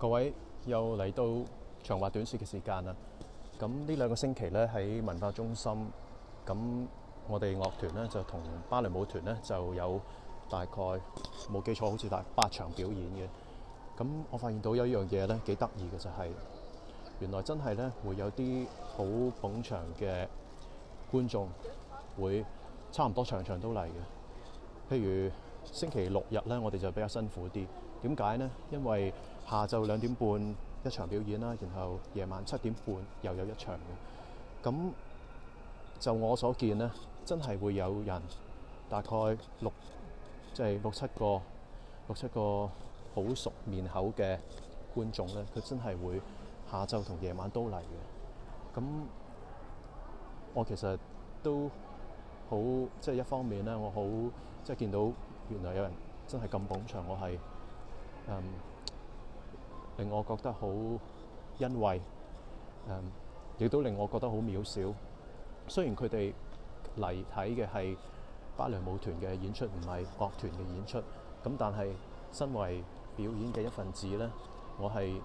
各位又嚟到長話短説嘅時間啦。咁呢兩個星期咧，喺文化中心，咁我哋樂團咧就同芭蕾舞團咧就有大概冇記錯，好似大八場表演嘅。咁我發現到有一樣嘢咧幾得意嘅，就係原來真係咧會有啲好捧場嘅觀眾會差唔多場場都嚟嘅。譬如星期六日咧，我哋就比較辛苦啲。點解呢？因為下晝兩點半一場表演啦，然後夜晚七點半又有一場嘅。咁就我所見咧，真係會有人大概六，即係、即係、六七個、六七個好熟面口嘅觀眾咧，佢真係會下晝同夜晚都嚟嘅。咁我其實都好即係，一方面咧，我好即係見到原來有人真係咁捧場，我係嗯。令我覺得好欣慰，誒，亦都令我覺得好渺小。雖然佢哋嚟睇嘅係芭蕾舞團嘅演出，唔係樂團嘅演出，咁但係身為表演嘅一份子呢，我係誒，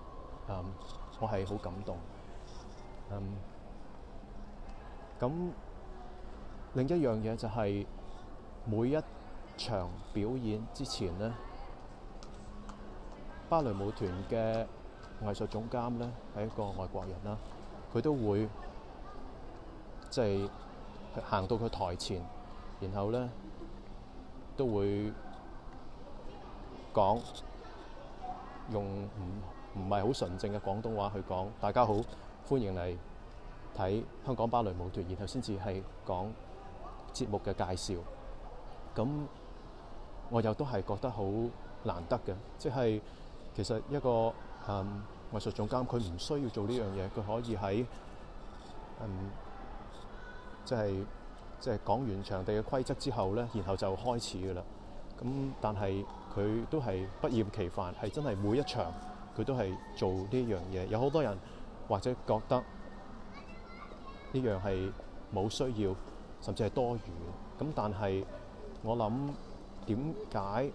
我係好感動。嗯，咁另一樣嘢就係，每一場表演之前呢，芭蕾舞團嘅藝術總監呢係一個外國人啦，佢都會即係行到佢台前，然後呢都會講用唔唔係好純正嘅廣東話去講。大家好，歡迎嚟睇香港芭蕾舞團，然後先至係講節目嘅介紹。咁我又都係覺得好難得嘅，即係。其實一個、嗯、藝術總監，佢唔需要做呢樣嘢，佢可以喺嗯，即係即係講完場地嘅規則之後咧，然後就開始噶啦。咁但係佢都係不厭其煩，係真係每一場佢都係做呢樣嘢。有好多人或者覺得呢樣係冇需要，甚至係多餘嘅。咁但係我諗點解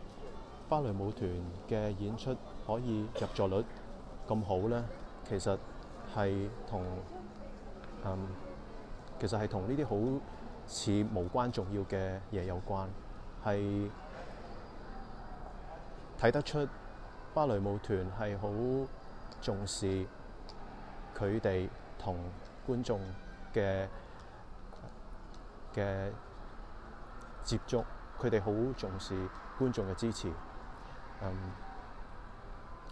芭蕾舞團嘅演出，可以入座率咁好咧，其實係同嗯，其實係同呢啲好似無關重要嘅嘢有關，係睇得出芭蕾舞團係好重視佢哋同觀眾嘅嘅接觸，佢哋好重視觀眾嘅支持，嗯。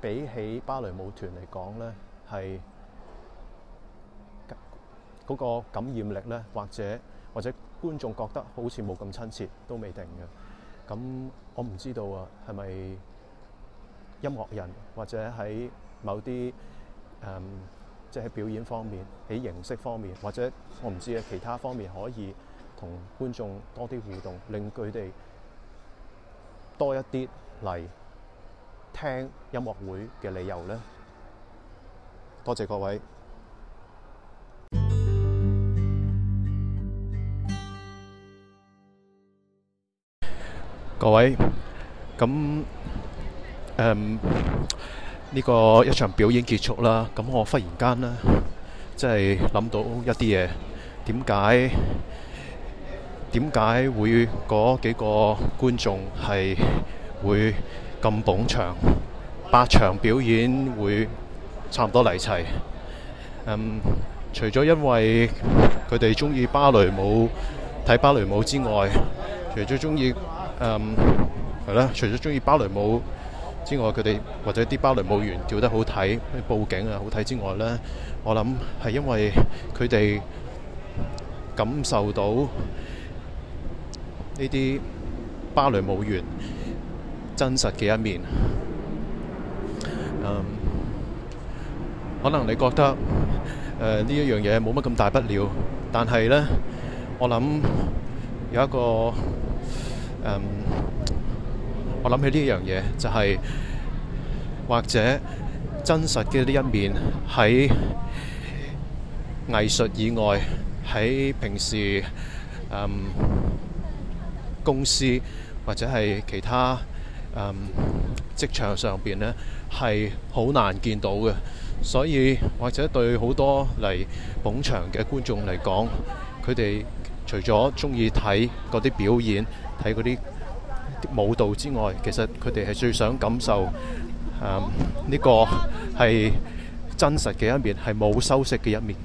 比起芭蕾舞團嚟講咧，係嗰個感染力咧，或者或者觀眾覺得好似冇咁親切，都未定嘅。咁我唔知道啊，係咪音樂人或者喺某啲嗯，即係表演方面，喺形式方面，或者我唔知啊，其他方面可以同觀眾多啲互動，令佢哋多一啲嚟。聽音樂會嘅理由呢，多謝各位。各位，咁誒，呢個一場表演結束啦，咁我忽然間呢，即係諗到一啲嘢，點解點解會嗰幾個觀眾係？會咁捧場，八場表演會差唔多嚟齊。嗯，除咗因為佢哋中意芭蕾舞，睇芭蕾舞之外，除咗中意，嗯，係啦，除咗中意芭蕾舞之外，佢哋或者啲芭蕾舞員跳得好睇，佈景啊好睇之外呢，我諗係因為佢哋感受到呢啲芭蕾舞員。真實嘅一面，嗯，可能你覺得誒呢一樣嘢冇乜咁大不了，但係呢，我諗有一個嗯，我諗起呢一樣嘢，就係或者真實嘅呢一面喺藝術以外，喺平時嗯公司或者係其他。誒職場上邊呢係好難見到嘅，所以或者對好多嚟捧場嘅觀眾嚟講，佢哋除咗中意睇嗰啲表演、睇嗰啲舞蹈之外，其實佢哋係最想感受誒呢個係真實嘅一面，係冇修飾嘅一面。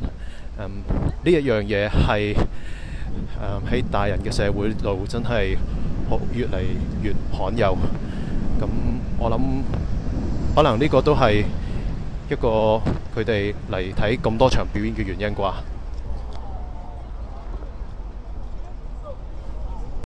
誒呢一樣嘢係誒喺大人嘅社會度真係好越嚟越罕有。咁我諗可能呢個都係一個佢哋嚟睇咁多場表演嘅原因啩。